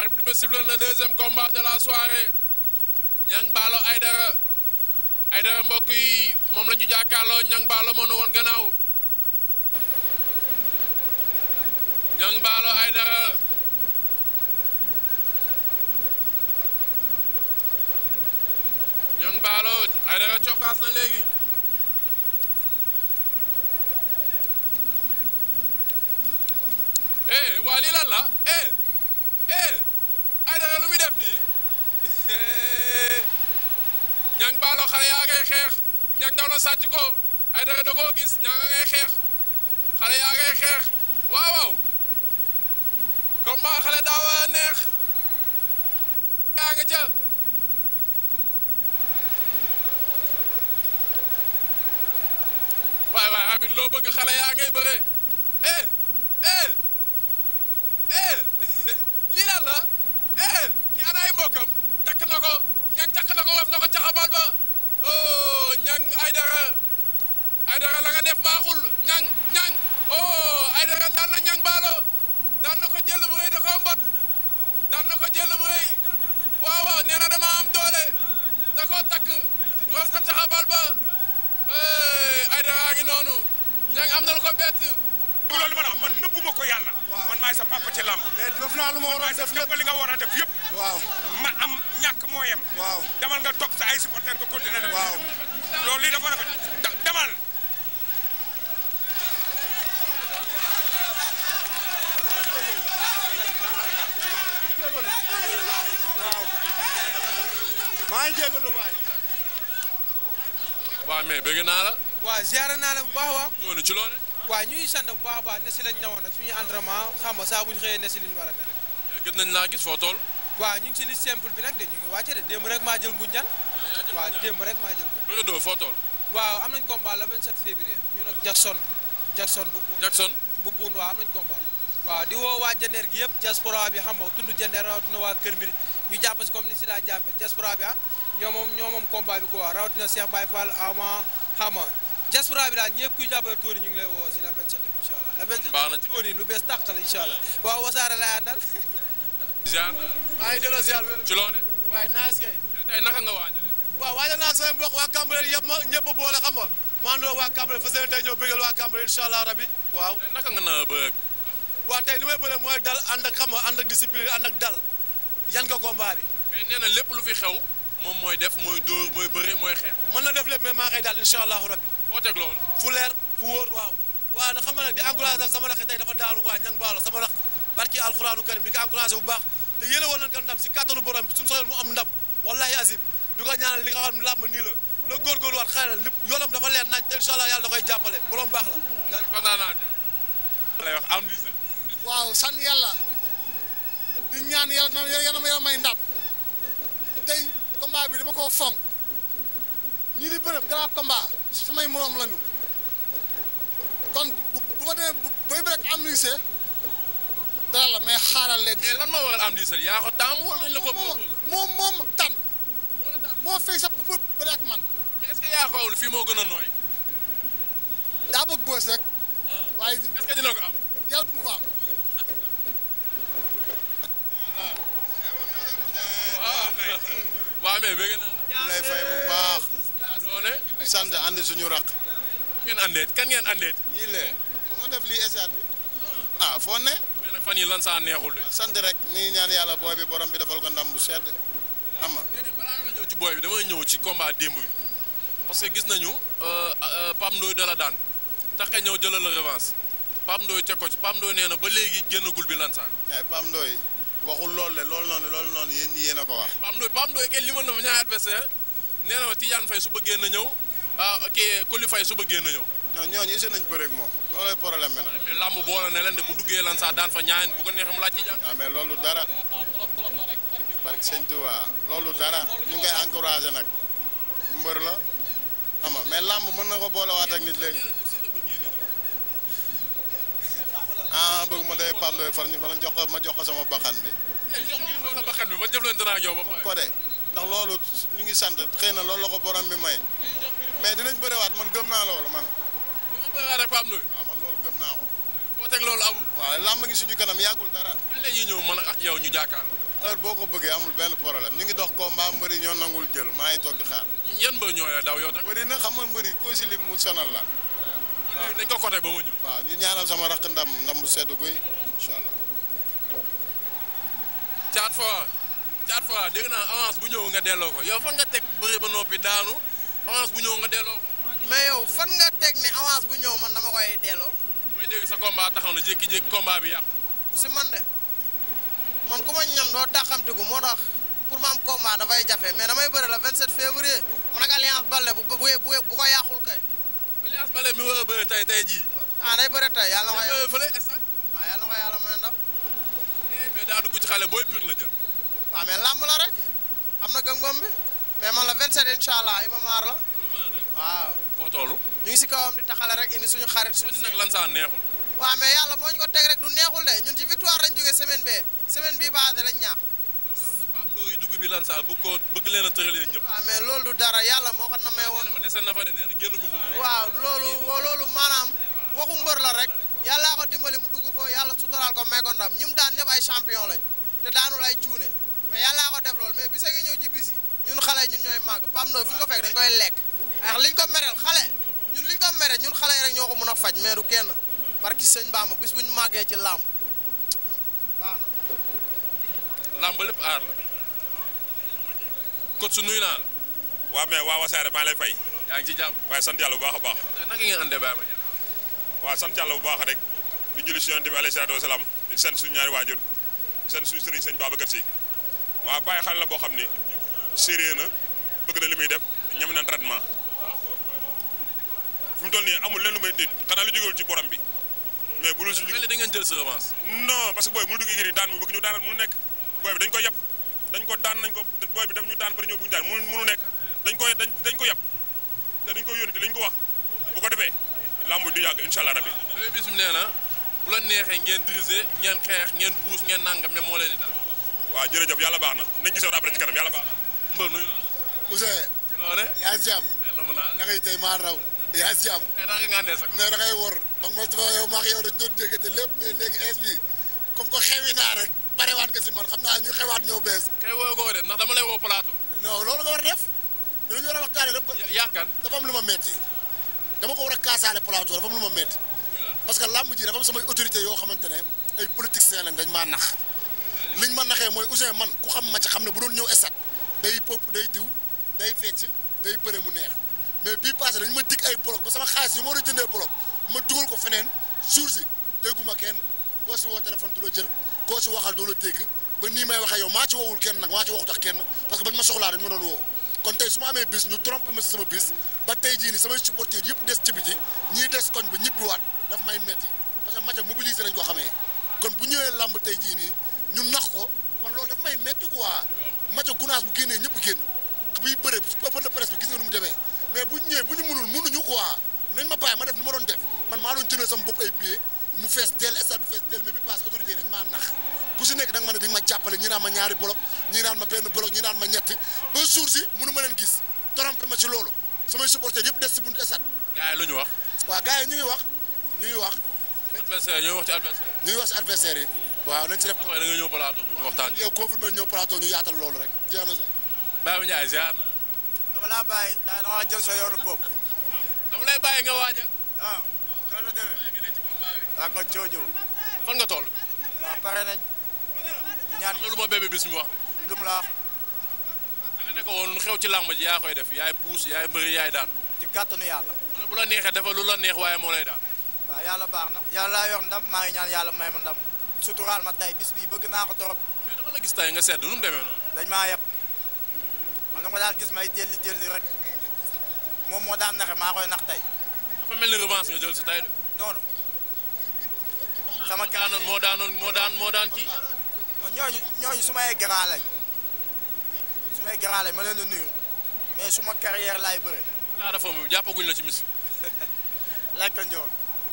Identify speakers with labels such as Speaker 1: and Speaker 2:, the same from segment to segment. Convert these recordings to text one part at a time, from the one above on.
Speaker 1: arbitre bi sifflé na deuxième combat de la soirée Niang Ballo Aidara Aidara mbokk yi moom la ñu jàkkaarloo Niang Ballo moo nu woon gannaaw Niang Ballo Aidara Niang Ballo na léegi eh waa la eh, eh. Aidara lu muy def nii ñang baaloo xale yaa ngay xeex ñang daw na sàcc ko Aidara da koo gis ñanga ngay xeex xale yaa ngay xeex waaw waaw combat xale a neex yaa nga ca waay waay abit loo bëgg xale yaa ngay bëre eh eh eh lii la eh ki ana ay mbokkam takk na ko ñang takk na ko waf na ko caxabal ba oh ñang ay dara ay dara la nga baaxul ñang ñang oh ay dara daan na baalo daan ko jël bu rëy da ko mbot ko jël bu rëy waaw waaw nee na dama am doole da ko takk waf ko caxabal ba eh, ay dara ngi noonu
Speaker 2: ñang am na lu ko bett du loolu man man nëbbu ma ko yàlla. man maay sa papa ci làmb. mais def naa lu ma waroon def lépp li nga war a def yëpp. waaw ma am ñàkk moo yem. waaw demal nga topp sa ay supporters nga continuer def. waaw loolu lii dafa rafet demal.
Speaker 3: maa ngi
Speaker 4: jégalu baay.
Speaker 1: waaw mais bëgg naa la. waaw ziare naa la bu baax a
Speaker 4: baax. ci loolu. waaw ñuy sant bu baax baax ne si lañ newoon rek suñuy entraînement xam nga saa bu ñu xëyee ne si li ñu a ne rek. Eh, gëj nañ laa gis waa toll. waaw ñu ngi si li bi nag de ñu ngi wàcce de démb rek maa jël nguñjal. Eh, waaw démb rek maa jël nguñjal. Reug 2 foo toll. waaw am nañ combat le 27 février ñu nag Jackson. Jackson bu buun Jackson bu buun waaw am nañ combat. waaw di woo waa jandeer gi yëpp diaspora bi xam nga tund jandeer rawatina waa Kër Mbir ñu jàpp si comme ni si daa jàppe diaspora bi ah ñoo moom ñoo moom combat bi quoi rawatina Cheikh Baye Fall ama xam nga diaspora bi daal ñëpp kuy jàppale tóor ñu ngi lay woo si la 27 incha allah la 27 baax na ci tóor lu bees tàq la incha waaw wasaare lay àndal. ziar na. maa ngi delloo ziar wér. ci loo ne.
Speaker 1: waaye naaj kay. nga
Speaker 5: waajalee. waaw waajal naa ak sama waa Cambérène yëpp ma ñëpp boole xam nga maa ngi doon waa Cambérène fas yéene tey ñëw bëggal waa Cambérène incha allah waaw. tey
Speaker 1: naka
Speaker 5: li may bëre mooy dal ànd ak xam nga ànd ak discipline ànd ak dal yan nga combat bi.
Speaker 1: mais nee na lépp lu fi xew moom mooy def mooy dóor mooy mooy xeex.
Speaker 5: mën na def lépp mais maa ngi koy foo teg loolu fu leer fu waaw waaw na xam nga nag di encouragé sama rakk tey dafa daanu waa ñang baalo sama rakk barki alxuraanu karim di ko encouragé bu baax te yéene woon nañ ko ndam si kattanu borom bi suñu soxla mu am ndam wallahi azim du ko ñaanal li nga xam ne làmb nii la la góorgóorluwaat xale la lépp yoolam dafa leer nañ te incha allah yàlla da koy jàppale borom
Speaker 1: baax la lay wax am lii
Speaker 6: waaw sant yàlla di ñaan yàlla na yàlla may ndam tey combat bi dama koo fonk ñi di bëre grand combat samay moroom lañu kon bu ma demee bay bëre am lycée dara la mais xaaral léegi. mais lan moo waral am lycée yaa ko taamu wala dañ la ko. moom moom tànn moo fay sax pour bëre man.
Speaker 1: mais est ce yaa ko awul fii moo gën a nooy.
Speaker 6: daa bëgg boos rek. Ah. waaye est ce dina ko am. yàlla bu ko am.
Speaker 1: waaw mais bëgg naa lay
Speaker 7: fay bu baax. ne. sant ànd suñu raq. ngeen kan ngeen àndee. yii lee moo def lii esaat bi. Ah, foo ne. mais fan yi lan saa neexul de. Ah, sant rek ni ñaan yàlla booy bi borom bi defal ko ndam bu sedd xam nga. déedéet ci booy
Speaker 1: bi damay ñëw ci combat démb bi parce que gis nañu euh, euh, Pape Ndoye dala daan tax ñëw jëlal a revanche Pape Ndoye teg ko ci Pape Ndoye nee ba léegi génnagul bi lan saa.
Speaker 7: waaye eh, Pape Ndoye waxul loolu la loolu noonu loolu noonu yéen ñi ko wax.
Speaker 1: Pape Ndoye kenn limal na ma ñaari adversaire nee na ma Tidiane Faye su bëggee na ñëw ah kii Coly su bëggee na ñëw.
Speaker 7: non ñooñu essayé nañ bëreeg moom loolooy problème bi nag. mais làmb boole ne leen de bu duggee lan saa daan fa ñaan bu ko neexee mu laaj Tidiane. waaw ah, mais loolu dara barke sëñ Touba loolu dara ñu ngi koy encouragé nag mbër la xam nga mais làmb mën na ko boolewaat ak nit léegi. ah bëgg ma day PAM doy far ñu ma jox ko ma jox ko sama bakkan bi. Eh, jox ko sa bi ma jëflante naa ak yow ba pare. ndax loolu ñu ngi sant xëy na loolu la ko borom bi may mais dinañ bëriwaat man gëm naa loolu man. bëriwaat rek Pape Ndoye. waaw man loolu gëm naa ko. foo teg loolu amul. waaw làmb ngi suñu kanam yàggul dara. lan la ñëw man ak yow ñu jàkkaarloo. heure boo ko bëggee amul benn problème ñu ngi dox combat mbëri ñoo nangul jël maa ngi toog di xaar. yan mbër ñoo la daw yow tamit. mbëri nag xam nga mbëri ko si lim mu sonal la. waaw dañ côté ba mu ñëw. waaw ñu ñaanal sama rakk ndam ndam bu sedd guy incha allah.
Speaker 1: caat foo quatre fois dégg naa avance bu ñëw nga delloo ko yow fan nga teg bëri ba daanu avance bu ñëw nga deloo ko. yow
Speaker 4: fan nga teg ne avance bu ñëw man dama koy delloo.
Speaker 1: mooy dégg sa combat taxaw na jékki-jékki combat bi yàqu.
Speaker 4: si man de man ku ma ñam doo taxamtiku moo tax pour ma am combat dafay jafe mais damay bëri la 27 février man ak alliance Baldé bu bu bu bu ko yàqul kay. alliance Baldé mi war a bëri tey tey jii. ah day bëri tey yàlla nga. day ah, eh, ci xale booy pire la jël. waa mais làmb la rek am na gëm-gëm mais man la 27 incha allah Iba Maar la. waaw foo toolu. ñu ngi si kawam di taxale rek indi suñu xarit suñu. nag lan saa neexul. waaw mais yàlla moo ñu ko teg rek du neexul de ñun ci victoire lañ jóge semaine bee semaine bii baaxee lañ ñaax.
Speaker 1: ndooyu dugg bi lan saa bëgg koo bëgg leen a tëralee ñëpp.
Speaker 4: loolu du dara yàlla moo xam na may woon. dese na fa de nee na génn gu fu. waaw loolu loolu maanaam waxu mbër la rek yàllaa ko dimbali mu dugg foofu yàlla suturaal ko may ko ndam ñim daan ñëpp ay champion lañ te daanul ay cuune. mais yàllaa ko def loolu mais bisa ngi ñëw ci bis yi ñun xale ñun ñooy màgg Pape Ndoye fu ñu ko fekk dañ koy lekk ndax liñ ko mereel xale ñun liñ ko mere ñun xale yi rek ñoo ko mën a faj mais du kenn barki sëñ Bamba bis bu ñu màggee ci làmb baax
Speaker 1: na làmb lépp aar la kot su nuyu naa la waaw mais waa Wassare maa lay fay yaa ngi ci jàmm waaye sant yàlla bu baax a baax naka ngeen
Speaker 2: waaw sant yàlla bu baax rek di julli si yonent bi alayhi salaatu wasalaam di sant suñu ñaari waajur sant suñu sëriñ sëñ Babacar Si waaw bàyyi xale la boo xam ni sérieux na bëgg na li muy def ñam na traitement fi mu toll nii amul lenn lu may nit xanaa lu jógewul ci borom bi mais bu dul si. mel ni da ngeen jël sa revanche. non parce que booy bi daan mu bëgg ñu daanal mu nekk booy bi dañ ko yab dañ ko daan nañ ko booy bi daf ñu daan bëri ñëw bu ñu daan mu munu nekk dañ koy dañ dañ ko yab te dañ ko yónni lañ ko wax bu ko defee làmb du
Speaker 1: yàgg incha allah nee na bu la neexee ngeen dirisé ngeen xeex ngeen puus ngeen nangam mais moo leen di daal. waaw jërëjëf yàlla baax na nañ gisoon après ci kanam yàlla baax na
Speaker 6: mbër nuyu Ousseyn yaa ngi si jàmm na ngay tey maa raw yaa ngi si jàmm eh, mais da ngay wor donc ma tafa yow maax yow dañ doon déggante lépp mais léegi ins bi comme que xewi naa rek barewaat nga si man xam naa ñu xewaat ñoo bees xew woo ko def ndax dama lay woo plateau non loolu nga war a def dañu war a waxtaane yàkkan dafa am lu ma metti dama ko war a kaasaale plateau dafa am lu ma metti parce que làmb ji dafa am samay autorité yoo xamante ne ay politiciens lañ dañ maa nax liñ ma naxee mooy Ouzin man ku xam ma ci xam ne bu doon ñëw stade day pop day diw day fecc day bëre mu neex mais bii passé dañ ma dig ay bloc ba sama xaalis yi ma war a jëndee bloc ma dugal ko feneen jour si kenn koo si woo téléphone du jël koo si waxal du la dégg ba nii may waxee yow maa kenn nag maa ci waxu tax kenn parce que bañ ma soxlaa dañ ma doon woo kon tey amee bis ñu trompé ma si sama tey jii ni samay supporters yëpp des ci biti ñiy des koñ ba ñibbiwaat daf may metti parce que match mobilisé lañ ko xamee kon bu ñëwee làmb tey jii nii ñun nax ko man loolu dafa may métti quoi match gunaas bu génnee ñëpp génn buy bëre open de presse bi gis nga nu demee mais bu ñëwee bu ñu mënul mënuñu quoi nañ ma bàyyi ma def ni ma doon def man maa doon jëndal sama bopp ay pieds mu fees dell stade bi fees dell mais bi passe autorité dañ si nekk da nga ne di ma jàppale ñi naan ma ñaari bloc ñi naan ma benn bloc naan ma ñetti ba jour si mënu ma leen gis trompé ma ci loolu samay supporters yëpp des si buntu stade. gars yi ñu wax. waaw gars yi ñu ngi wax ñu ngi wax. wax ci adversaire. ñu wax ci adversaire waaw nañ si def da nga ñëw plateau ñu waxtaan yow confirmé ñëw ñu yaatal loolu rek jeex na sax
Speaker 1: Babou Ndiaye ziar na
Speaker 4: dama laa bàyyi da nga jël sa yoonu bopp dama lay bàyyi nga waajal waaw ah, noonu la demee waaw kon coojow fan nga toll waaw pare nañ
Speaker 1: ñaan lu ma bébé bis mu wax gëm laa da xew ci làmb ji yaa koy def yaay puus yaay mbëri yaay daan
Speaker 4: ci kàttanu yàlla
Speaker 1: bu la neexee defal lu la neex waaye moo lay daan
Speaker 4: waaw yàlla baax na yàlla laa yor ndam maa ngi ñaan yàlla may ma ndam suturaal ma tey bis bi bëgg naa ko torop mais dama la gis tey nga sedd nu mu demee noonu. dañ maa yeb man dama daal gis may telli telli rek moom moo daan naxe maa koy nax tey. dafa mel ni revanche nga jël si tey de. non sama daanoon moo daanoon moo daan moo daan kii. ñooñu ñooñu su may grand lañ su may grand lañ ma leen nu nuyu mais suma carrière laay bëre.
Speaker 1: ah dafa moom jàppaguñ la ci mis. laaj ko Ndiol.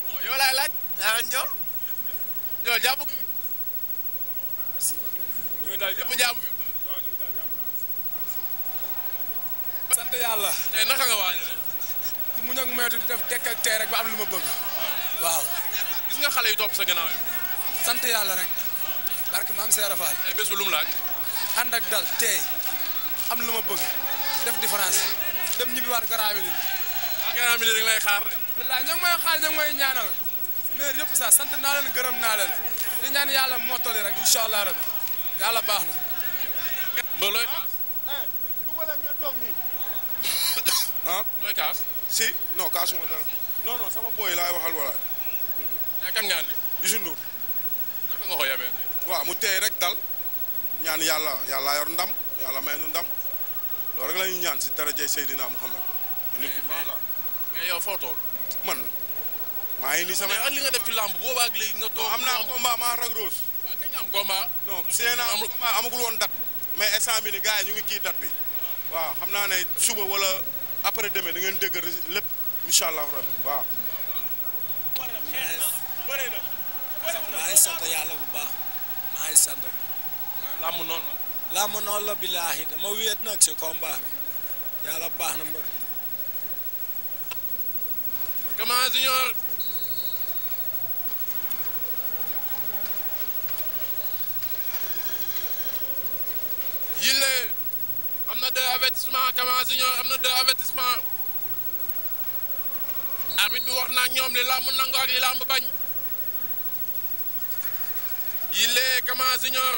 Speaker 1: Oh, yow laay laaj. laaj ñoo jàpp gi
Speaker 2: ñu daal jàpp jàmm fi sant yàlla tey naka nga waajale di muñ ak moytu di def tekk ak rek ba am lu ma bëgg
Speaker 1: waaw gis nga xale yi topp sa gannaaw yi
Speaker 2: sant yàlla rek barke maam
Speaker 8: Seera Faal tey bésu lu mu laaj ànd dal tey am lu ma bëgg def différence dem ñibbi waat garaaw yi nii rek lay xaar de wallaahi ñoo may xaar ñoo may ñaanal mais yëpp sax sant naa leen gërëm naa leen di ñaan yàlla mottali rek incha allah rabbi baax na. Mbow looy kaas.
Speaker 5: ah eh, looy kaas. si non kaasuma sama booy laay waxal
Speaker 1: wala. mais kan nga
Speaker 5: mu tey rek dal ñaan yàlla yàlla yor ndam yàlla may nu ndam loolu rek la ñaan si daraja Seydina Muhammad. nit ku baax la mais maa ngi nii sama ak
Speaker 1: li nga def ci làmb boobaa ak léegi nga toog. am naa combat maa rag rose. waaw am combat.
Speaker 5: non seen combat amagul woon date. mais instant bi ni ñu ngi kii date bi. waaw xam naa ne suba wala après demain da ngeen dégg lépp incha allahu rabi waaw.
Speaker 9: maa ngi sant yàlla bu baax maa ngi sant. làmb noonu la. la billaahi dama wéet nag si combat bi yàlla baax na mbër. comment junior.
Speaker 1: Yile am na deux avertissement Kama Junior am na deux avertissement arbitre bi wax na ak ñoom li làmb nangu ak li làmb bañ Yile Kama Junior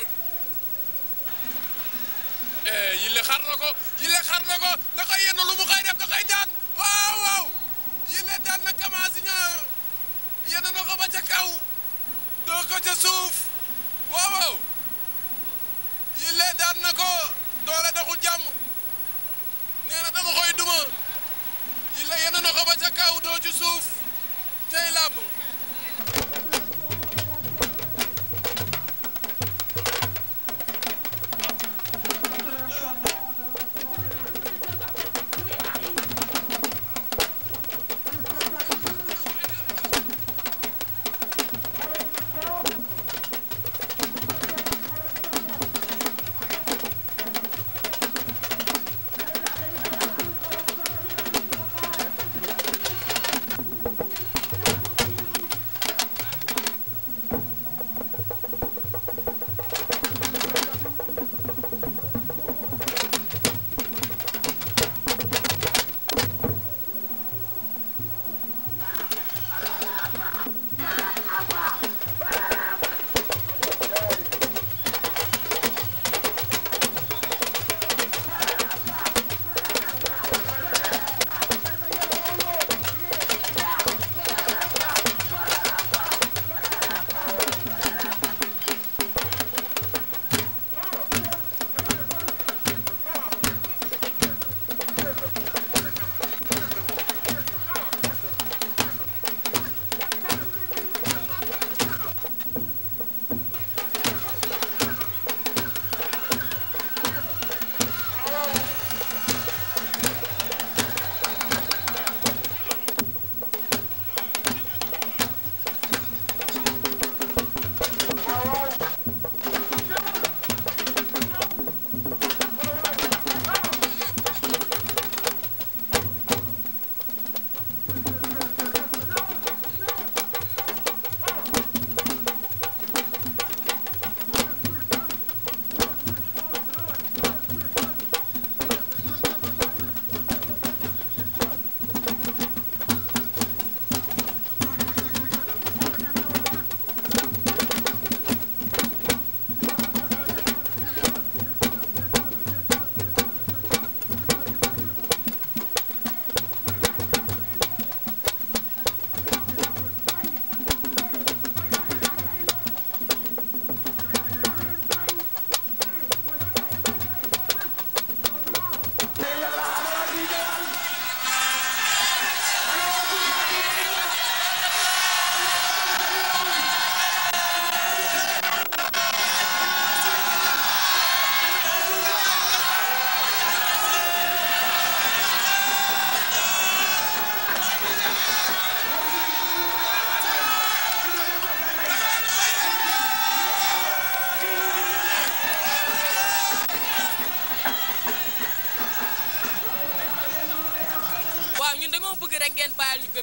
Speaker 1: eh Yile xar na ko Yile xar na ko da koy yenn lu mu koy def da koy daan waaw waaw Yile daan na Kama Junior yenn na ko ba ca kaw doo ko ca suuf waaw daan na ko doole doxul jàmm nee na dama koy duma yi la yenn na ko ba ca doo ci suuf tey làmb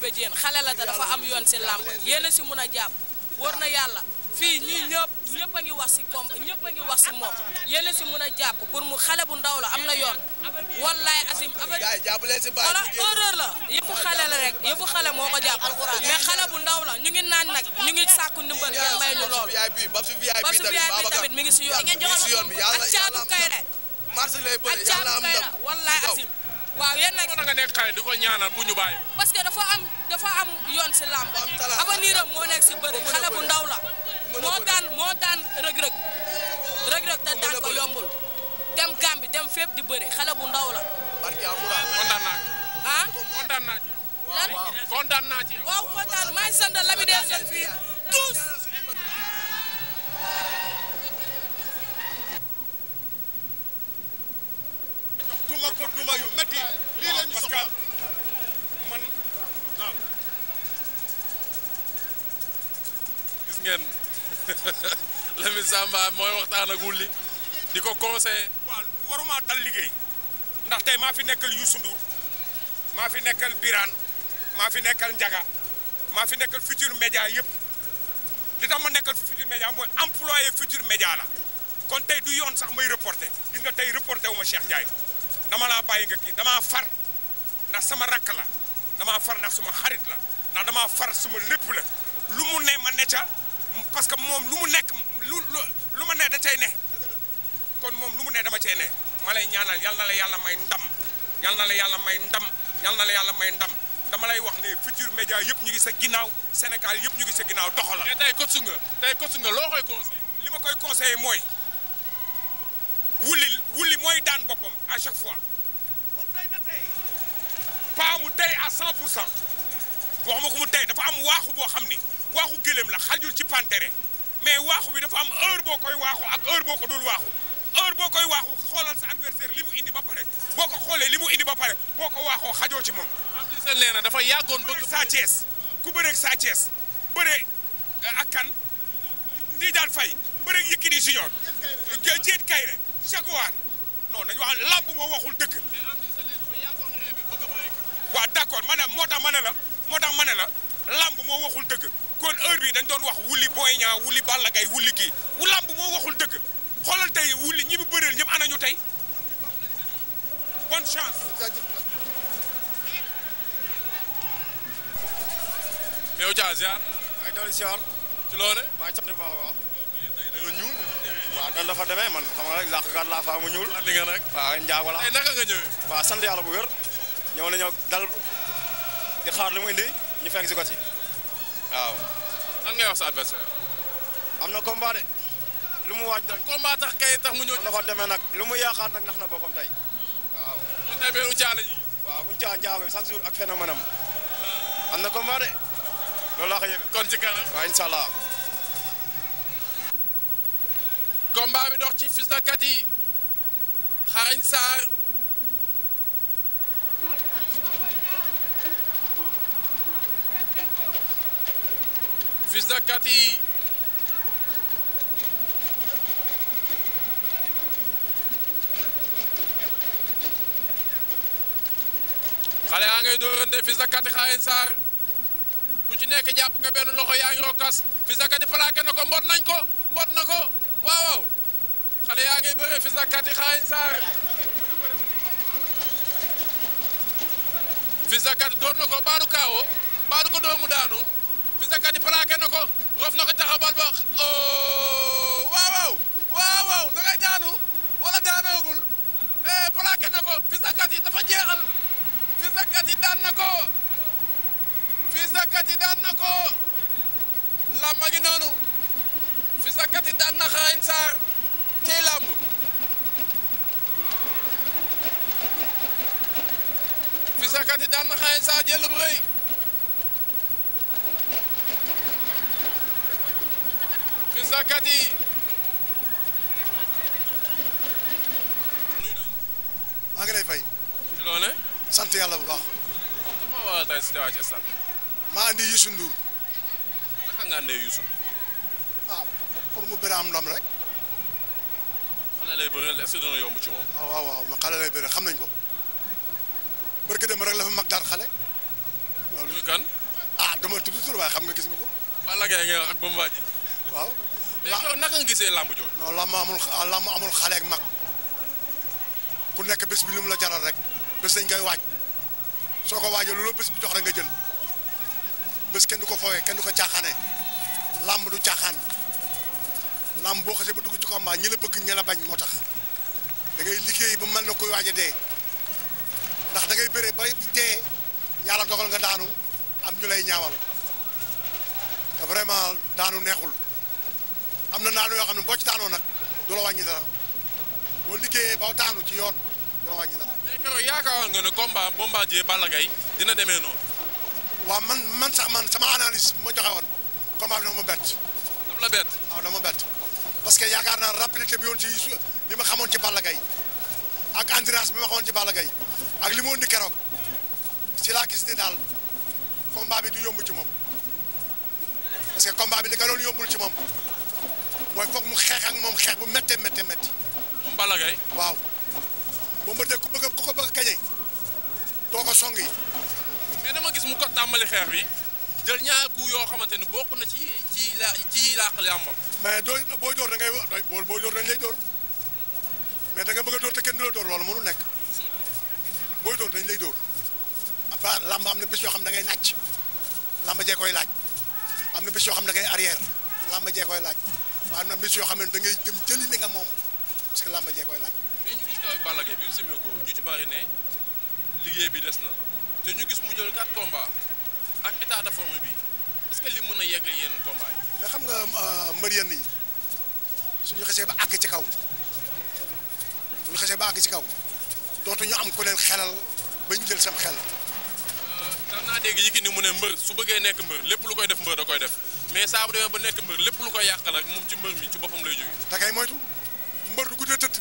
Speaker 4: Kébé Diène xale la dafa am yoon si làmb yéen a si mun a jàpp war na yàlla fii ñii ñëpp ñëpp a ngi wax si kom a ngi wax si moom yéen a si mun a jàpp pour mu xale bu ndaw la am na yoon wallaay asim na erreur la yëfu xale la rek yëfu xale moo ko jàpp mais xale bu ndaw la ñu ngi naan nag ñu ngi sàkku ndimbal ngeen may ñu lool Babs VIP tamit mi ngi si yoon ak caatu kayre ak caatu kayre wallaay asim waaw yéen nag
Speaker 1: nga nekk xale di ko ñaanal bu ñu bàyyi
Speaker 4: parce que dafa am dafa am yoon si làmb avenir am moo nekk si bëri xale bu ndaw la moo daan moo daan rëg-rëg te daan ko dem Gàmbi dem fépp di bëri xale bu ndaw la kontaan naa ci ah kontaan naa ci lan kontaan naa ci waaw
Speaker 5: duma ko duma yu métti
Speaker 2: lii lañu soxla
Speaker 1: man mooy waxtaan
Speaker 2: ak di ko conseillé waruma dal liggéey ndax tey maa fi nekkal Youssou maa fi nekkal Birane maa fi nekkal Ndiaga maa fi nekkal Futur Média yëpp li tax ma nekkal Futur Média mooy employé Futur Média la kon tey du yoon sax may reporté gis nga tey reporté wu ma Cheikh Ndiaye dama laa bàyyi nga kii damaa far ndax sama rakk la damaa far ndax suma xarit la ndax damaa far suma lépp la lu mu ne ma ne ca parce que moom lu mu nekk lu lu ma ne da cay ne kon moom lu mu ne dama cay ne ma lay ñaanal yal na la yàlla may ndam yal na la yàlla may ndam yal na la yàlla may ndam dama lay wax ne Futurs Médias yëpp ñu ngi sa ginnaaw Sénégal yëpp ñu ngi sa ginnaaw doxala. mais tey coach nga tey coach nga loo koy conseillé. li ma koy conseillé mooy. wulli wulli mooy daan boppam à chaque fois pas mu tey a 100 pour cent waxuma ko mu tey dafa am waaxu boo xam ni waaxu gëléem la xajul ci pantere mais waaxu bi dafa am heure boo koy waaxu ak heure boo ko dul waaxu heure boo koy waaxu xoolal sa adversaire li mu indi ba pare boo ko xoolee li mu indi ba pare boo ko waaxoo xajoo ci moom. am na seen leena dafa yàggoon bëgg ku bëreeg Sa Thiès bëree ak kan di daan fay bëreeg Yékini Junior Diène Kaïré Jaguar non nañu wax làmb moo waxul dëgg. waaw d'accord ma ne moo tax ma ne la moo tax ma ne la làmb moo waxul dëgg kon heure bi dañ doon wax wuli Boy Niang wuli Balla Gaye wu làmb moo waxul dëgg xoolal tey wuli ñi mu bëreel ñëpp ana ñu tey bonne chance.
Speaker 1: waaw noonu
Speaker 5: dafa demee man xam nga rek mu ñuul. andi nga nag waaw njaago la. tey naka bu wér
Speaker 8: ñëw nañoo dal di xaar li mu indi ñu fekk si ko ci waaw. lan ngay wax sa adversaire.
Speaker 5: am na combat de lu mu waaj nag. combat tax kay tax mu ñëw. dafa demee nag lu mu yaakaar nag nax na boppam tey
Speaker 1: waaw. kon tey
Speaker 5: waaw ucaa njaago bi chaque jour ak phénomène am. Ah. am na combat de loolu laa ko
Speaker 1: yëg. kon combat bi dox ci Fils de Katy Xarañ Saar Fils ci nekk jàpp nga benn loxo yaa ngi rokkas Fils de na ko mbot nañ ko mbot na ko waaw waaw xale yaa ngay bëre Fils ak Katy Xaañ Sarr Fils doon na ko baadu kaawo baadu ko doomu daanu Fils ak Katy na ko rof na ko taxabal ba oh waaw waaw waaw waaw da ngay daanu wala daanoogul eh na ko Fils ak Katy dafa jeexal Fils ak daan na ko Fils ak daan na ko lamba noonu. Fils de Katy daan na Xaragne Sarr cey làmb Fils de Katy daan na Xaragne Sarr jël
Speaker 10: maa ngi lay fay ci yàlla bu baax maa andi Youssou Ndour ah pour mu bëre am ndam rek.
Speaker 1: xale lay bëre est-ce que yomb ci moom.
Speaker 10: Ah, waaw waaw xale lay bëre xam nañ ko barke dem rek la fa mag daan xale.
Speaker 1: loolu muy kan. Ah, dama tudd
Speaker 10: tur waaye xam nga gis
Speaker 1: nga ko. Balla Gaye nga wax ak Bomba ji. waaw. mais yow naka nga gisee làmb jooju.
Speaker 10: non làmb amul làmb amul xale ak mag ku nekk bis bi lu mu la jaral rek bés dañ koy waaj soo ko waajee loolu bés bu jox rek nga jël bés kenn du ko foowee kenn du ko caaxaanee. làmb du caaxaan làmb boo xasee ba dugg ci combat ñi la bëgg ñi la bañ moo tax da ngay liggéey ba mel na koy waaj dee ndax da ngay bëree bari dee yàlla dogal nga daanu am ñu lay ñaawal te vraiment daanu neexul am na naanu yoo xam ne boo ci daanoo nag du la wàññi dara boo liggéeyee ba daanu ci yoon du la wàññi dara.
Speaker 1: mais keroog yaakaaroon nga ne combat Bombardier Balla Gaye dina demee noonu.
Speaker 10: waaw man man sax man sama analis ma joxe woon combat bi dama ma bett. dama parce que yaakaar naa rapidité bi woon ci bi ma xamoon ci Balla Gaye ak endurance bi ma xamoon ci Balla ak li mu di keroog si laa gis ni daal combat bi du yomb ci moom parce que combat bi li ka doon yombul ci moom mooy foog mu xeex moom xeex bu méttee
Speaker 1: méttee moom Balla waaw. boobu ma ku bëgg ku ko bëgg a gañe doo ko song yi. mais dama gis mu ko tàmbali xeex bi. jël ñaar coup yoo xamante ni bokk na ci ci la ci làq làmbam.
Speaker 10: mais dooy booy door da ngay wax booy booy door dañ lay door mais da nga bëgg a door te kenn du la door loolu mënu nekk booy door dañ lay door à part làmb am na bés yoo xam da ngay nàcc làmb jee laaj am na bés yoo xam da ngay arrière làmb jee koy laaj am na bés yoo xam ne da ngay dem jëli li nga moom parce que làmb jee koy laaj.
Speaker 1: mais ñu gis nawet Balla Gaye bi ñu simee ñu ci bari ne liggéey bi des na te ñu gis mu jël quatre combats. ak état de forme bi est-ce que li mën a yegg yenn combat
Speaker 10: yi. xam nga euh, mbër yenn yi suñu xasee ba àgg ci kaw suñu xasee ba àgg ci kaw dootuñu am ku leen xelal ba ñu jël sam xel.
Speaker 1: Euh, daan naa dégg yi ki ni mu ne mbër su bëggee nekk mbër lépp lu koy def mbër da koy def mais saa bu ba nekk mbër lépp lu koy yàq moom ci mbër mi ci boppam lay jógee.
Speaker 10: da kay moytu mbër du guddee tëdd.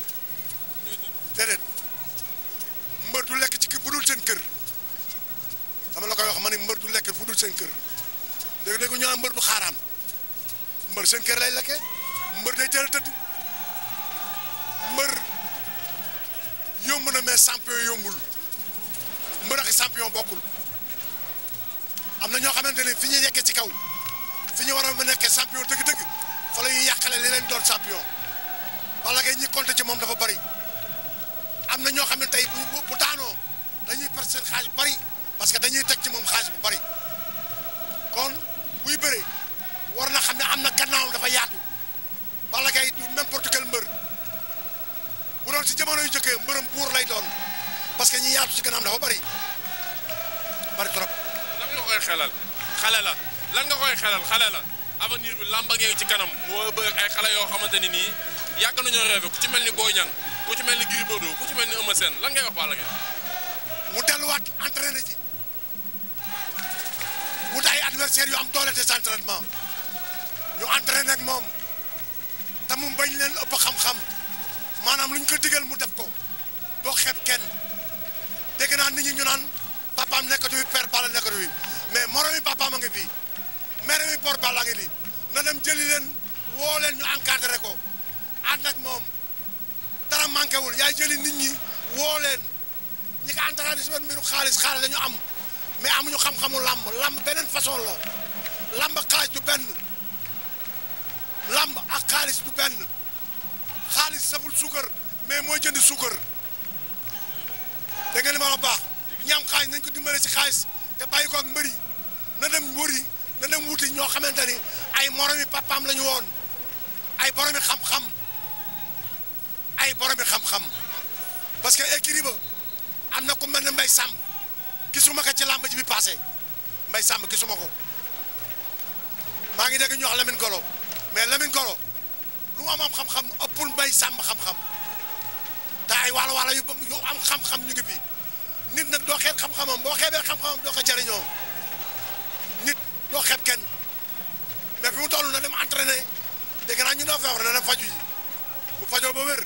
Speaker 10: déedéet mbër du lekk ci bu dul seen kër. dama na koy wax man ne mbër du lekk fu dul seen kër dégg dégg ñu mbër du xaaraan mbër seen kër lay lekkee mbër day teel a tëdd mbër yomb na mais champion yombul mbër ak champion bokkul am na ñoo xamante ne fi ñu yeggee ci kaw fi ñu waroon a nekkee champion dëgg-dëgg fa la ñuy yàqale li leen doon champion wala kay ñi compter ci moom dafa bari am na ñoo xam ne tey bu bu daanoo dañuy perte seen bari. parce que dañuy teg ci moom xaalis bu bari kon buy bëri war na xam ne am na gannaawam dafa yaatu Balla Gaye du n'importe quel mbër bu doon si jamono yu jëkkee mbërëm buur lay doon parce que ñi yaatu si gannaawam dafa
Speaker 1: bari bari trop. lan nga koy xelal xale la lan nga koy xelal xale la avenir bi làmba ngeen ci kanam moo bëgg ay xale yoo xamante ni nii yàgg nañoo rêvé ku ci mel ni Boy Niang ku ci mel ni Gris Bordeaux ku ci mel ni Eumeu Sène lan ngay wax Balla Gaye mu
Speaker 10: delluwaat entraîné wut ay adversaires yoo am doole des entraînements ñu entraîné ak moom te mu bañ leen ëpp xam-xam maanaam lu ñu ko digal mu def ko doo xeeb kenn dégg naa nit ñi ñu naan papaam nekkatu fi père Balla nekkatu fi mais moromi papaam a ngi fi mère mi port Balla ngi fi na dem jëli leen woo leen ñu encadré ko ànd ak moom dara manqué wul yaay jëli nit ñi woo leen ñu ko entraîné si mbiru xaalis xaalis lañu ñu am. mais amuñu xam-xamu làmb làmb beneen façon la làmb xaalis du benn làmb ak xaalis du benn xaalis saful suukar mais mooy jënd suukar da nga ma wax baax ñi xaalis nañ ko dimbale si xaalis te bàyyi ko ak mbëri na dem wëri na dem wuuti ñoo xamante ni ay moromi papaam la ñu woon ay boromi xam-xam ay boromi xam-xam parce que écrit am na ku mel ne Mbaye Samb gisuma ko ci làmba ji bi passé Mbaye Samb gisuma ko maa ngi dégg ñu wax Lamine Golo mais Lamine Golo lu mu am xam-xam ëppul Mbaye Samb xam-xam te ay waalo waalo yu am xam-xam ñu ngi fi nit nag doo xeeb xam-xamam boo xeebee xam-xamam doo ko jëriñoo nit doo xeeb kenn mais fi mu toll na dem entraîné dégg naa ñu noo feebar na dem faju yi bu fajoo ba wér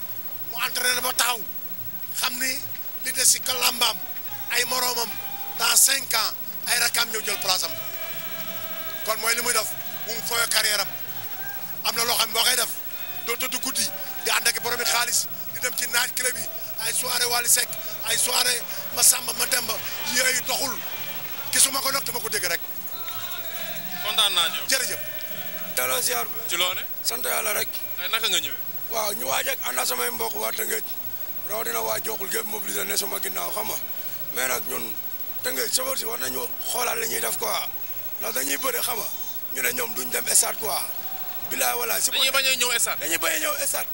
Speaker 10: mu entraîné ba taxaw xam ni li des si ko làmbaam ay moroomam dans cinq ans ay rakam ñëw jël place kon mooy li muy def bu mu am na loo xam ne boo koy def doo tëdd guddi di ànd ak boromi xaalis di dem ci naaj club yi ay soirée Wally Seck ay soirée Massamba Mademba yooyu doxul gisuma ko nag dama ko dégg rek.
Speaker 8: kontaan naa ñëw
Speaker 9: jërëjëf. delloo ziar bi ci loone sant yàlla rek. tey naka nga ñëwee. waaw ñu waaj ak ànd ak samay mbokk waa Tëngéej rawatina waa Jokkul gépp mobilisé ne soma ginnaaw xam nga mais ñun. tëngee chauffeur si war nañu xoolaal li ñuy def quoi ndax dañuy bëri xama ñu ne ñoom duñ dem stade quoi. bilaay walaay si dañuy bañ a ñëw stade dañuy bañ a ñëw stade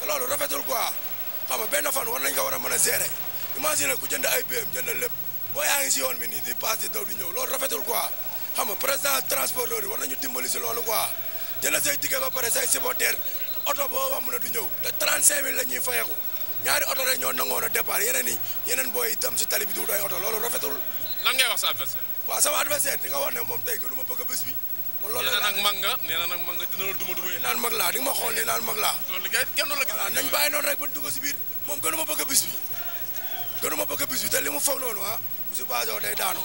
Speaker 9: te loolu rafetul quoi xam nga benn fan war nañ ko war a mën a gérer imagine ku jënd ay BM jënd lépp boo yaa si yoon mi nii di paas di daw di ñëw loolu rafetul quoi xam nga président transporteur yi war nañu dimbali si loolu quoi jënd say ticket ba pare say supporter oto boo wax mu ne du ñëw te 35000 la ñuy fayeeku ñaari oto rek ñoo nangoon a départ yeneen yi yeneen booy itam si tali bi du doy oto loolu rafetul. lan ngay wax sa adversaire. nga wax ne moom tey gënu ma bëgg a bés bi. man loolu la nag mag nga
Speaker 1: nee na nag mag nga dina la duma duma yi naan mag laa di ma xool nii naan mag laa.
Speaker 9: loolu kay kenn la nañ bàyyi noonu rek ba dugg si biir moom gënu bëgg a bés bi gënu ma bëgg a bés bi te li mu foog noonu ah su baasoo day daanu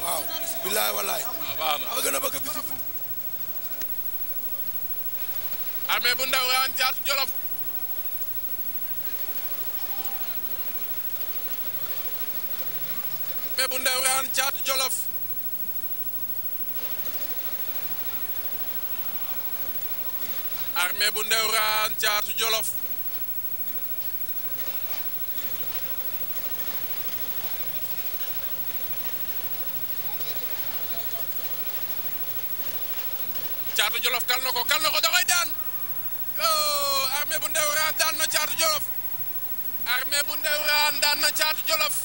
Speaker 1: waaw. billaay wallaay. Ah,
Speaker 9: waaw baax na gën a bëgg a bés bi.
Speaker 1: armée bu ndaw yaa jaar armée bu ndewraan caatu jolof armée bu ndewraan caatu jolof caatu jolof kal na ko kal na ko da koy daan oh bu ndewraan daan daan na caatu jolof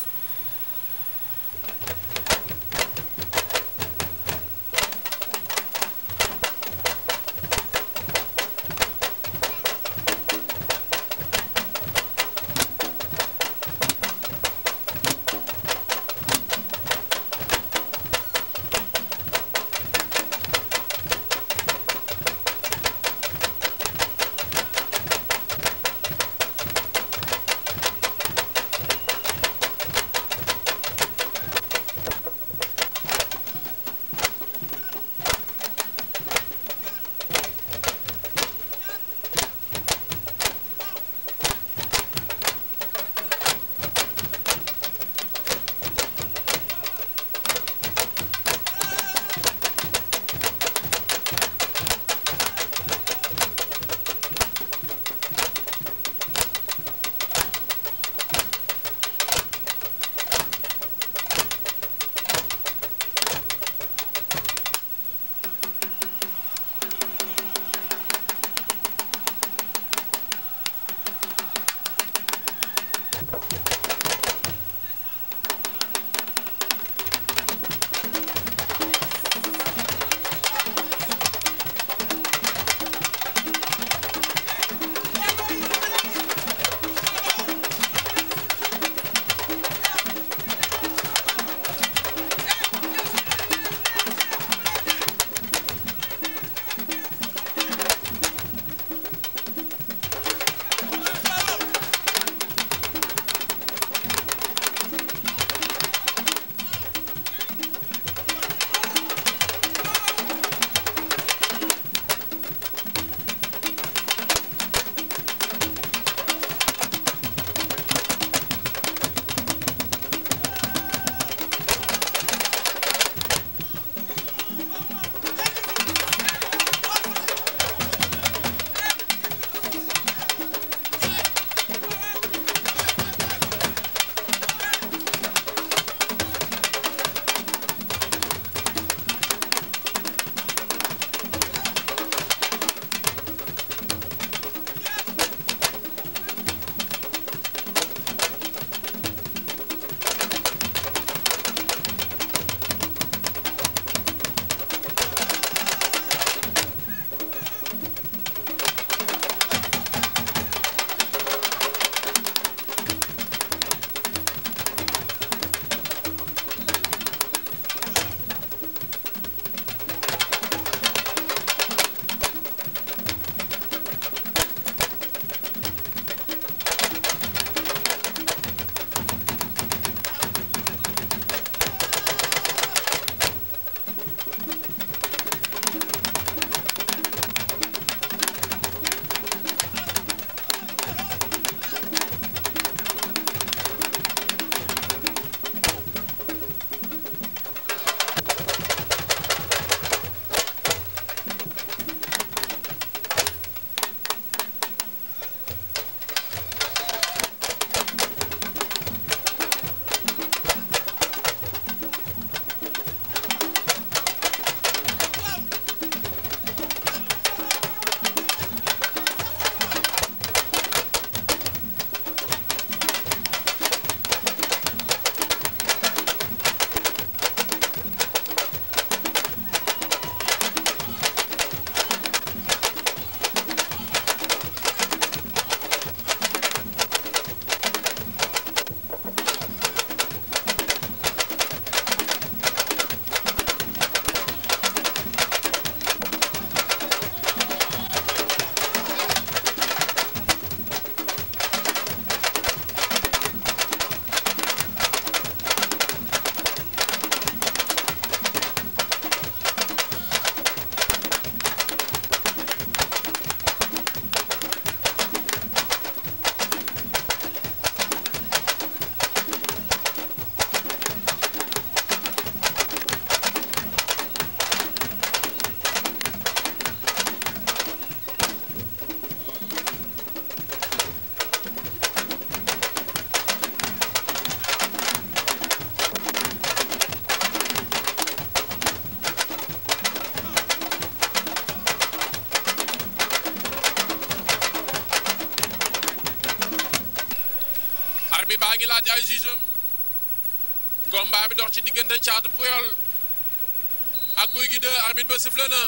Speaker 1: ba sifle na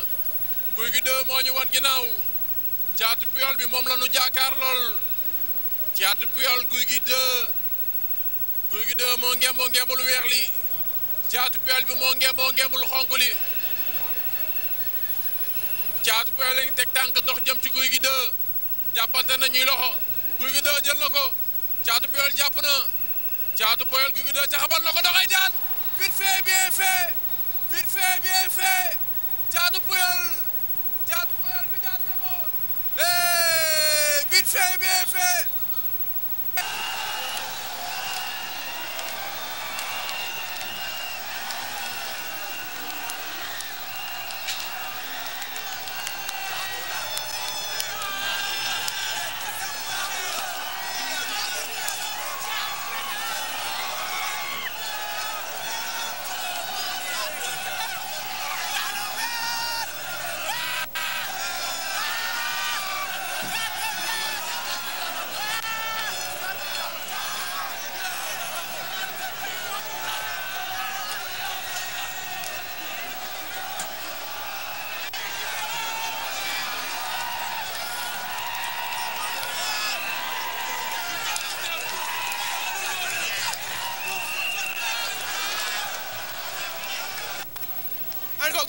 Speaker 1: guy gi moo ñu wan ginnaaw caatu puyol bi moom la ñu jaakaar lool caatu puyol guy gi deux guy gi deux moo ngemboo ngembul weex li caatu puyol bi moo ngemboo ngembul xonk li caatu puyol lañ teg tànk dox jëm ci guy gi deux jàppante na ñuy loxo guy gi deux jël na ko caatu puyol jàpp na caatu puyol guy gi deux caxabal na ko doxay daan vite fait bien fait vite fait bien fait Caatu Puyol
Speaker 8: Caatu bi daan na ko
Speaker 1: vite fait bien fait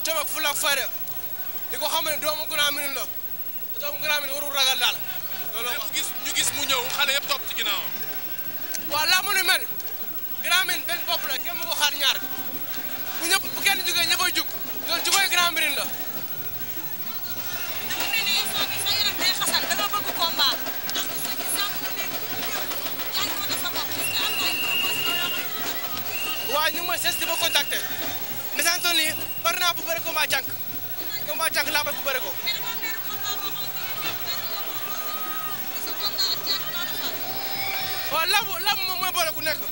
Speaker 4: jom ak fulla di ko xam ne doomu Grand Médine doomu Grand Médine warul ragal daal loolu gis ñu mu ñëw xale yëpp topp ci ginnaawam waaw laa mu ni mel Grand benn bopp la kenn mu ñaar bu ñëpp bu jugee ñëppay jug loolu jugoy Grand Médine la waaye ñu di ma contacter bëri combat jànk combat jànk laa bëgg bu bëri ko. waaw lamb lamb moom mooy boole ku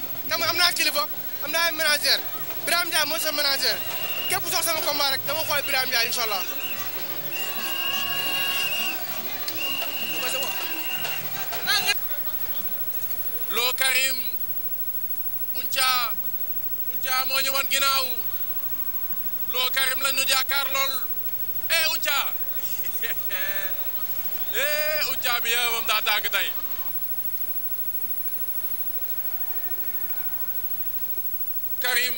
Speaker 1: Karim Unca Unca moo ñëwoon Karim la jaakaar lool eh Outhia eh Outhia bi yow eh, moom daa Karim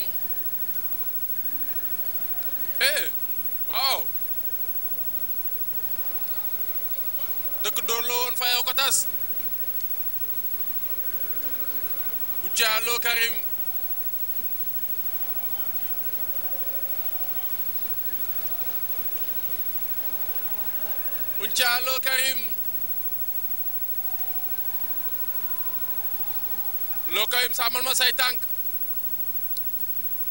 Speaker 1: eh waaw dëkk door la woon fayoo ko tas Outhia loo Karim. Uncaalo Karim loo Karim sàmmal ma say tànk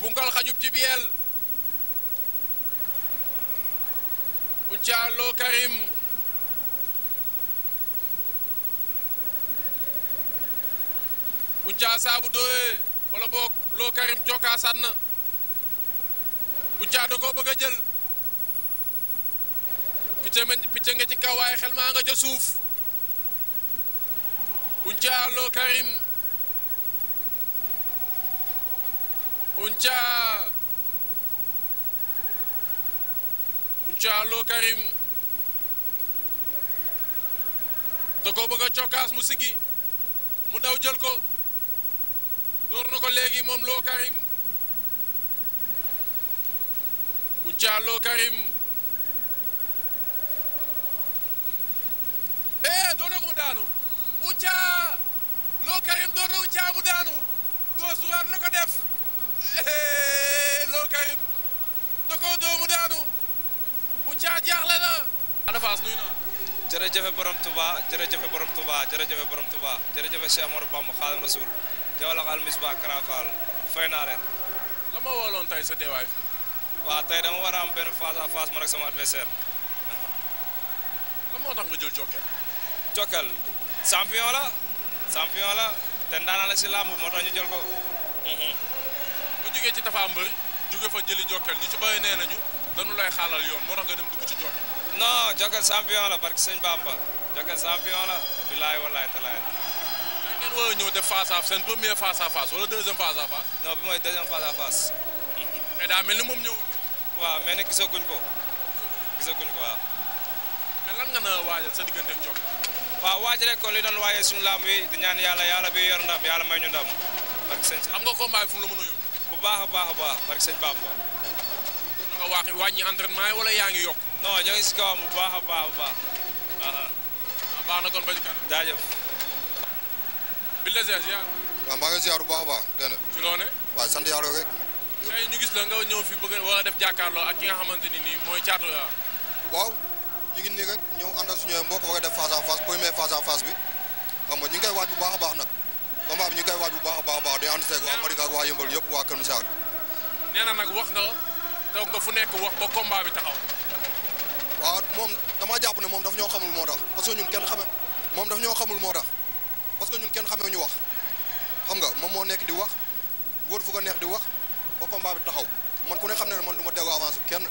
Speaker 1: punkal xajub ci biyeel Uncaalo Karim Uncaa saabu dooyee wala boog loo Karim jokkaa sànn Uncaa da koo bëgg a picc ma picc nga ci kaw waaye xel maa nga ca suuf Unca Lo Karim Unca Unca Lo Karim da ko bëgg a cokkaas mu siggi mu daw jël ko door na ko léegi moom loo Karim Unca Lo Karim donogu daanu Outhia Lo Karim door na mu daanu gauche droite la ko def eh, Lo Karim da koo doomu daanu Outhia jaaxle na.
Speaker 8: Ada Fass nuyu naa. jërëjëf borom Touba jërëjëf borom Touba jërëjëf borom Touba jërëjëf Cheikh Amadou Bamba Xaadimu Rasuul jawlax al misbah karafal fay naa leen. la ma fi. waaw tey dama war a am benn face à face man ak sama adversaire. moo tax nga jël san champion la champion la te ndaanaa la si làmb moo tax ñu jël ko. Mhm. bu jugee ci Tapha Mbeur jugee fa jëli jokkal ñu ci bëri nee nañu dañu lay xaalal yoon moo tax dem dugg ci jokkal. non jokkal champion la parce que sëñ Bamba jokkal champion la bilaay walaay talaay. ngeen war a ñëw def face à seen premier face à face wala deuxième face à face. non bi mooy deuxième face à face. mais daa mel ni moom ñëwul. waaw mais nag gisaguñ ko gisaguñ ko waaw. mais lan nga na waajal sa diggante waaw waaj rek kon li doon waajee suñu laam wi ñaan yàlla yàlla bi yor ndam yàlla may ñu ndam barke sëñ am nga combat bi fu mu la mën a yóbbu bu baax a baax a baax barke sëñ Bamba na nga waax wàññi entraînement yi wala yaa ngi yokk non ñoo ngi si kawam bu baax a baax ah, na kon ba ci kanam jaajëf bi la ziar
Speaker 3: waaw maa ngi ziar bu baax a baax dégg nga
Speaker 8: ci loone
Speaker 1: ñu gis la nga ñëw fi bëgg wala def jàkkaarloo ak ki nga xamante ni nii mooy caatu
Speaker 3: ñu ngi nii rek ñëw ànd ak suñu mbokk war a def face à face bi xam nga ñu ngi waaj bu baax a baax nag combat bi ñu ngi koy waaj bu baax a baax a baax day ànd seeg waa Malika waa Yëmbal yëpp waa Kër Misaar.
Speaker 1: nee na nag wax nga taw nga fu nekk wax ba combat bi taxaw.
Speaker 3: moom damaa jàpp ne moom daf ñoo xamul moo tax parce que ñun kenn xame moom daf ñoo xamul moo tax parce que ñun kenn xamee ñu wax xam nga moom moo nekk di wax wóor fu ko neex di wax ba bi taxaw man ku ne xam ne man du ma dégg avance kenn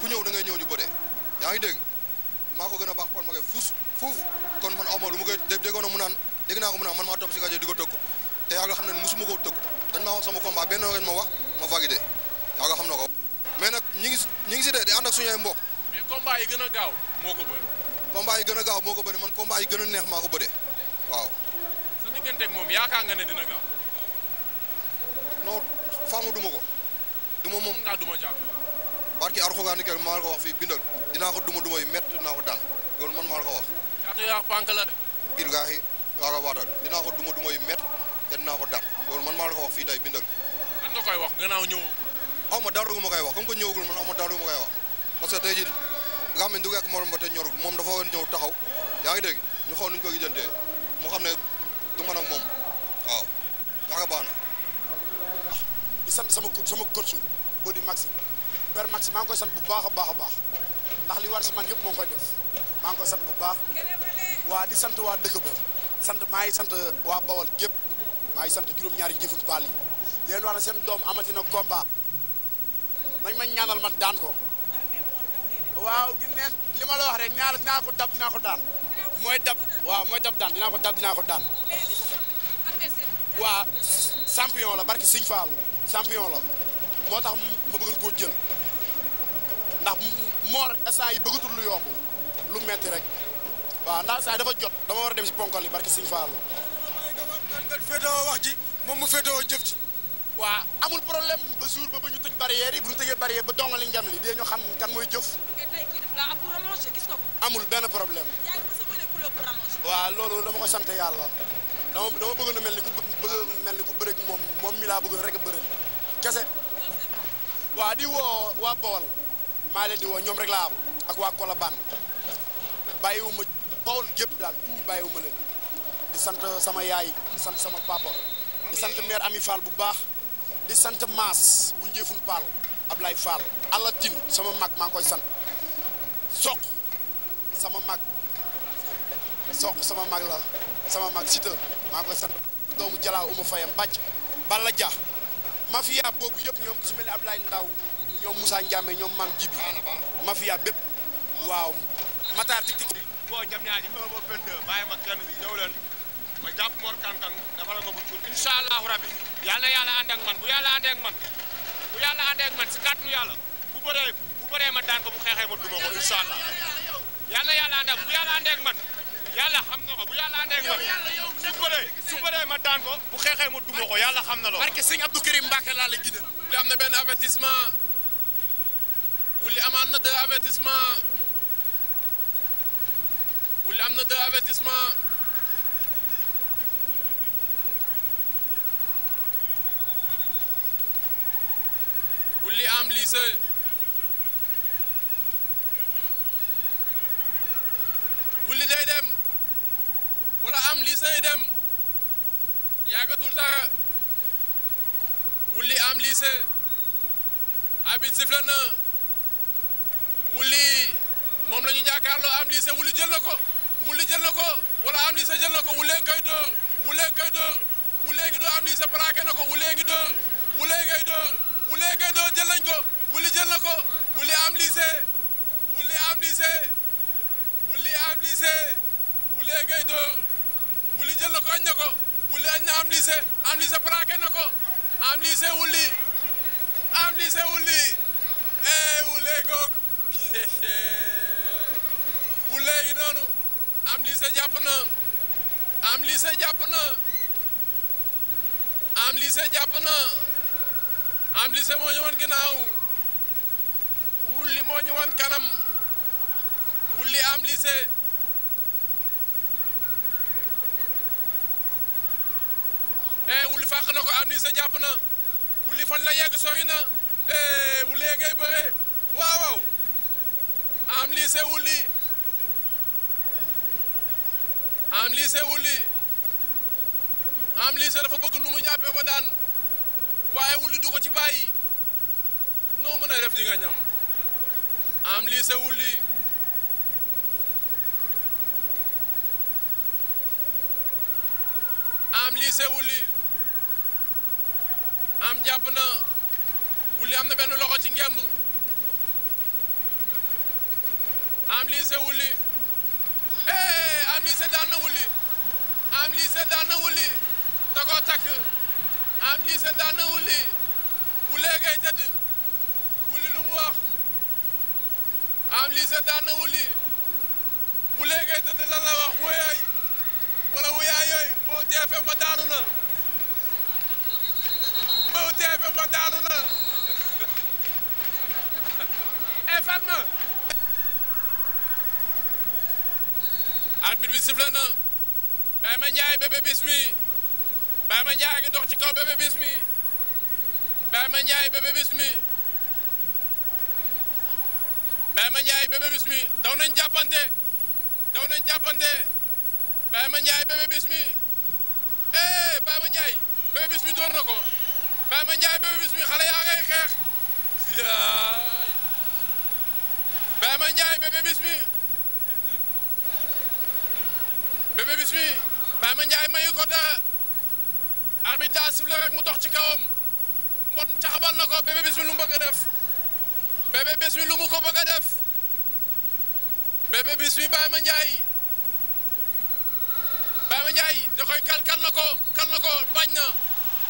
Speaker 3: ku ñëw da ngay ñëw ñu bëree yaa ngi dégg maa ko gën a baax Paul Maguette fuus fuuf kon man aw ma lu ma koy déggoon a mu naan dégg naa ko mu naan man maa topp si rajo di ko tëkku te yaa nga xam ne musuma koo tëkku dañ maa wax sama combat benn rañ ma wax ma validé yaa nga xam na ko mais nag ñi ngi ñi ngi si dee di ànd ak suñu ay mbokk mais combat yi gën a gaaw moo ko bëri yi gën a gaaw moo ko bëri man combat yi gën a neex maa ko bëree
Speaker 1: waaw sa digganteeg moom yaakaar nga ne dina gaaw non faamu
Speaker 3: duma ko duma moom duma jàpp barki Alxuraan kër maa la ko wax fii bindal dinaa ko duma duma yu métti dinaa ko daan loolu man maa la ko wax.
Speaker 1: caatu yaa pànk de.
Speaker 3: billaahi laa ko waatal dinaa ko duma duma yu métti te dinaa ko daan loolu man maa la wax fii tey bindal. lan nga koy wax gannaaw ñëw. aw ma dara ma koy wax comme que ñëwagul man aw ma dara ma koy wax parce que tey jii nga xam ne du ko ak morom ba te ñorul moom dafa war ñëw taxaw yaa ngi dégg ñu xool nuñ ko gisantee moo xam ne du man ak waaw yaa nga baax na. Ah, di
Speaker 5: sant sama sama coach Maxi Père maa ngi koy sant bu baax a baax a baax ndax li war si man yëpp moo ngi koy def maa ngi koy sant bu baax waa di sant waa dëkk ba sant maa ngi sant waa Bawol gépp maa sant juróom-ñaari jëfuñ paal yi di leen wax doom amati na combat nañ ma ñaanal ma daan ko waaw di neen li ma la wax rek ñaar dinaa ko dab dinaa ko daan mooy dab waaw mooy dab daan dinaa ko dab dinaa ko daan waa champion la barki Sëñ Fall champion la moo tax ma bëggoon jël ndax moor instant yi bëggatul lu yomb lu metti rek waaw ndax saa dafa jot dama war a dem si ponkal yi barke Sëñ Fallou wax ji moom mu féetewoo jëf ji waaw amul problème ba jour ba ba ñu tëj barrière yi bu ñu tëjee barrière ba dongali njam li dee ñu xam kan mooy jëf. amul benn problème. waaw loolu dama ko sant yàlla dama dama bëgg na mel ni ku bëgg mel ni ku bëreeg moom moom mi laa bëgg rek a bëreeg kese. waa di woo waa Bawol. maa leen di woo ñoom rek laa am ak waa Colobane bàyyiwuma bawol gépp daal tout bàyyiwuma leen di sant sama yaay di sant sama papa di sant maire Ami Fall bu baax di sant Maas bu Njëfun Fall Ablaye Fall Alatin sama mag maa ngi koy sant soq sama mag soq sama mag la sama mag Siteu maa koy sant doomu Jalaaw uma fayam bàcc Balla Dia mafia boobu yëpp ñoom su mel ab Ablaye Ndaw ñoom Moussa Ndiamé ñoom Mame Djibi mafia bépp
Speaker 2: waaw Matar tik tik boo jam ñaaji 1 ba 22 ma kenn ñëw leen ma jàpp Mor Kankan dafa la ko bu cuur insha allahu rabbi yàlla na yàlla ànd man bu yàlla ànd ak man bu yàlla ànd man si kàttanu yàlla bu bëree bu bëree ma daan ko bu xeexee ma duma ko insha allah yàlla na yàlla ànd bu yàlla ànd man yàlla xam na ko bu yàlla ànd ak man su
Speaker 1: bëree su bëree ma daan ko bu xeexee ma
Speaker 2: duma ko yàlla xam na loolu barke sëñ
Speaker 1: Abdou Karim Mbacke laa la gidé am na benn Wouly amaat na deux avertissement Wouly am na deux avertissement Wouly am Lissé Wouly day dem wala am Lissé dem yàggatul dara Wouly am Lissé abit sifle na wuli moom la ñu jàkkaarloo am lii sa wuli jël na ko wuli jël na ko wala am lii sa jël na ko wulee ngi koy dóor wulee ngi koy dóor wulee ngi dóor am lii sa plaqué na ko wulee ngi dóor wulee ngay dóor wulee ngay dóor jël nañ ko wuli jël na ko wuli am lii see wuli am lii see wuli am lii see wulee ngay dóor wuli jël na ko añ na ko wuli añ na am lii see am lii sa plaqué na ko am lii see wuli am lii see wuli ee eh, wulee goog wule yi noonu am li sa jàpp na am li sa jàpp na am li sa wan ginnaaw wulli moo ñu wan kanam wulli am eh, li sa eh wulli na ko am li sa jàpp na wulli fan la yegg sori na eh wulli ngay bëree Amlyse Wouly Amlyse Wouly Amlyse dafa bëgg lu mu jàppee ba daan waaye Wouly du ko ci bàyyi noo mën a def di nga ñam Amlyse Wouly Amlyse am jàpp na Wouly am na benn loxo ci ngemb am liise wulli ee am liise daan na am liise daan na wulli da am liise daan na wulli wullee ngay tëdd wax am liise daan na wulli wullee ngay tëdd lan la wax wéyaay wala wéyaay yooyu moo teefee ma daanu na moo teefee ma daanu na ee eh, Fatma arbitre bi sifflé na Baye Mandiaye Bébé Bismi Baye Mandiaye a ngi dox ci kaw Bébé Bismi Baye Mandiaye Bébé Bismi Baye Mandiaye Bébé Bismi daw nañ jàppante daw nañ jàppante Baye Mandiaye Bébé Bismi eh Baye Mandiaye Bébé Bismi door na ko Baye Mandiaye Bébé Bismi xale yaa ngay xeex Baye Mandiaye Bébé Bismi Bébé Bismi ma Mandiaye mayu ko dara arbitre daa sifflé rek mu dox ci kawam mbot caxabal na ko Bébé Bismi lu mu bëgg def Bébé Bismi lu ko bëgg a def Bébé Bismi Baye ma Baye Mandiaye da koy kal kal na ko kal na ko bañ na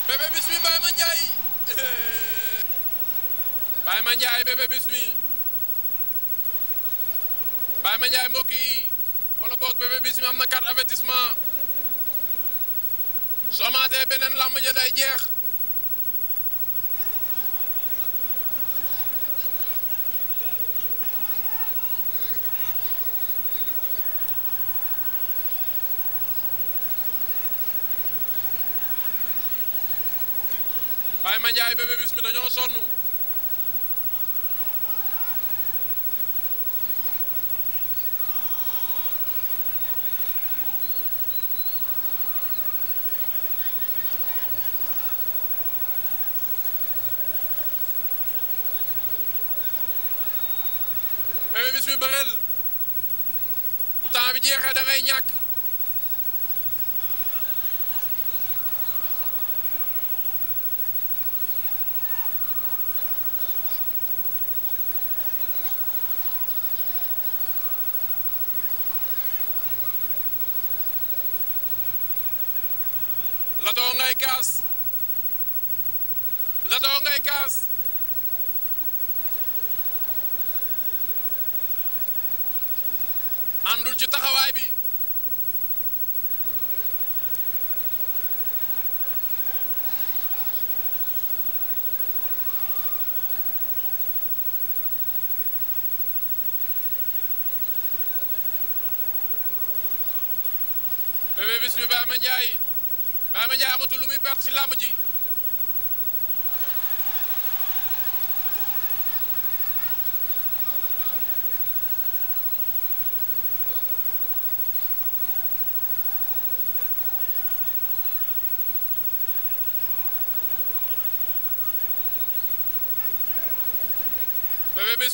Speaker 1: Bébé Bismi Baye Mandiaye Baye Mandiaye Bébé Bismi Baye Mandiaye mbokk yi wala boog bébé Bismi am na carte avertissement su amaatee beneen làmb ja day jeex Baye Mandiaye bébé Bismi dañoo sonn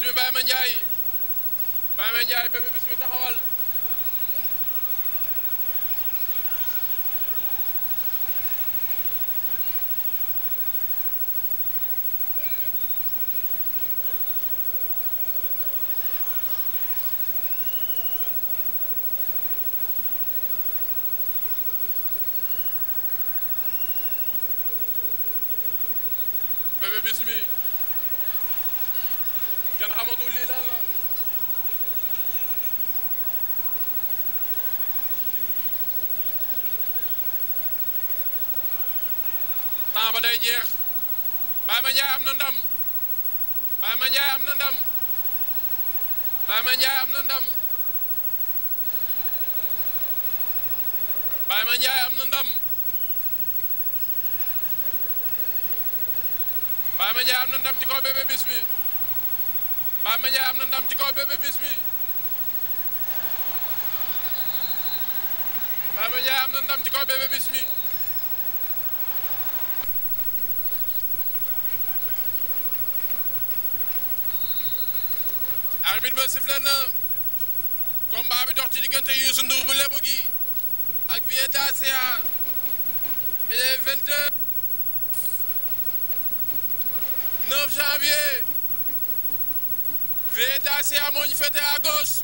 Speaker 1: bis bi Baye Mandiaye Baye Mandiaye Bébé bis bi taxawal Baama Ndiaye am na ndam Baama Ndiaye am na ndam Baama Ndiaye am na ndam Baama Ndiaye am na ndam Baama Ndiaye am na ndam ci kaw Bébé Bismi Baama Ndiaye am na ndam ci kaw Bébé Bismi Baama Ndiaye am na ndam ci kaw Bébé Bismi arbitre ba sifflé na combat bi dox ci diggante Youssou Ndour bu ak Vieta Seha il est 29 janvier Vieta Seha moo ñu féete à gauche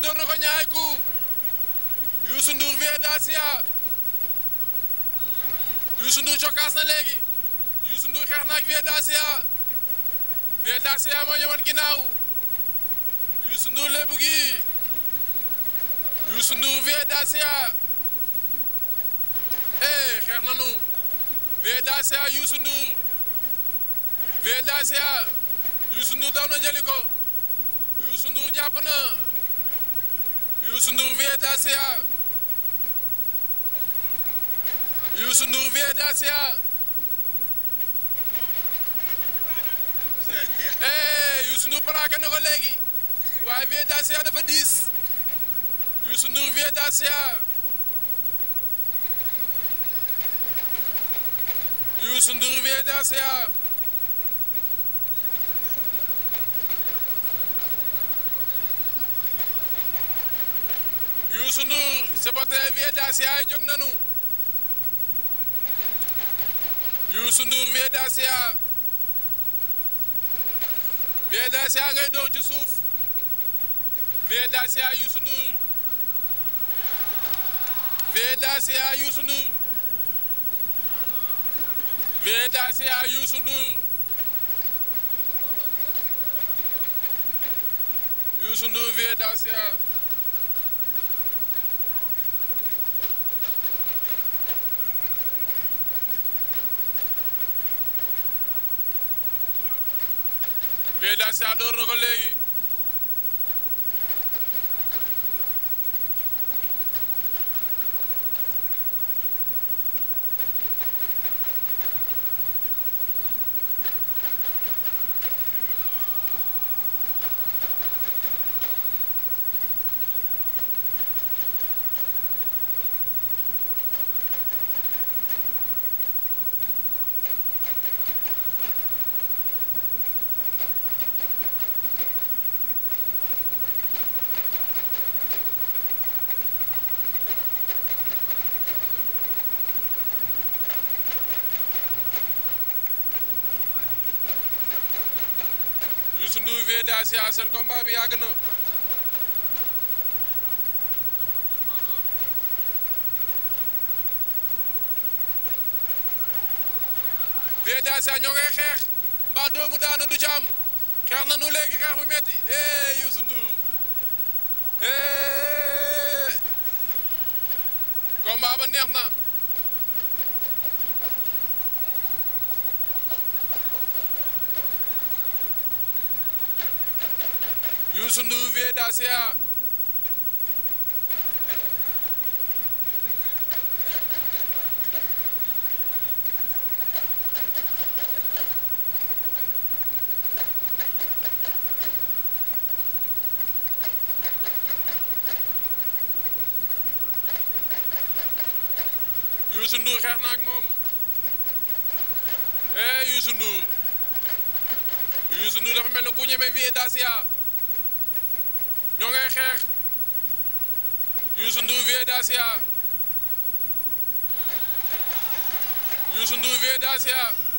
Speaker 1: door na ko ñaari coup Youssou Ndour Vieta na léegi Youssou xeex na ak Vieta Vietnam moo ñëwoon ginnaaw Youssou Ndour lay buggi Youssou Ndour Vietnam eh xeex nanu Vietnam Youssou Ndour Vietnam Youssou Ndour daw na jëli ko Youssou Ndour jàpp na Youssou Ndour Vietnam Youssou Ndour Vietnam Eh, eh, Youssou Ndour plaqué na ko léegi waaye Vieux Dacia dafa diis Youssou Ndour Vieux Dacia Youssou Ndour Vieux Dacia Youssou Ndour supporter Vieux Dacia yi jóg nañu Youssou Ndour Vieux Dacia Vieux Dacia ngay dóor ci suuf Vieux Dacia Youssou Ndour Vieux Dacia Youssou Ndour Vieux Dacia Youssou Ndour Youssou Ndour Vieux Dacia door na ko léegi Sia seen combat bi yàgg na Vieux Dia Sia ñoo ngay xeex ba doomu daanu du ci am xeex na nu léegi xeex bu metti eh Youssou Ndour eh combat ba neex na Youssou Ndour Vieux Dacia Youssou Ndour xeex na ak moom eh Youssou Ndour Youssou Ndour dafa mel ne ku ñeme Vieux Dacia ñoo ngay xeex Youssou Ndour Vieux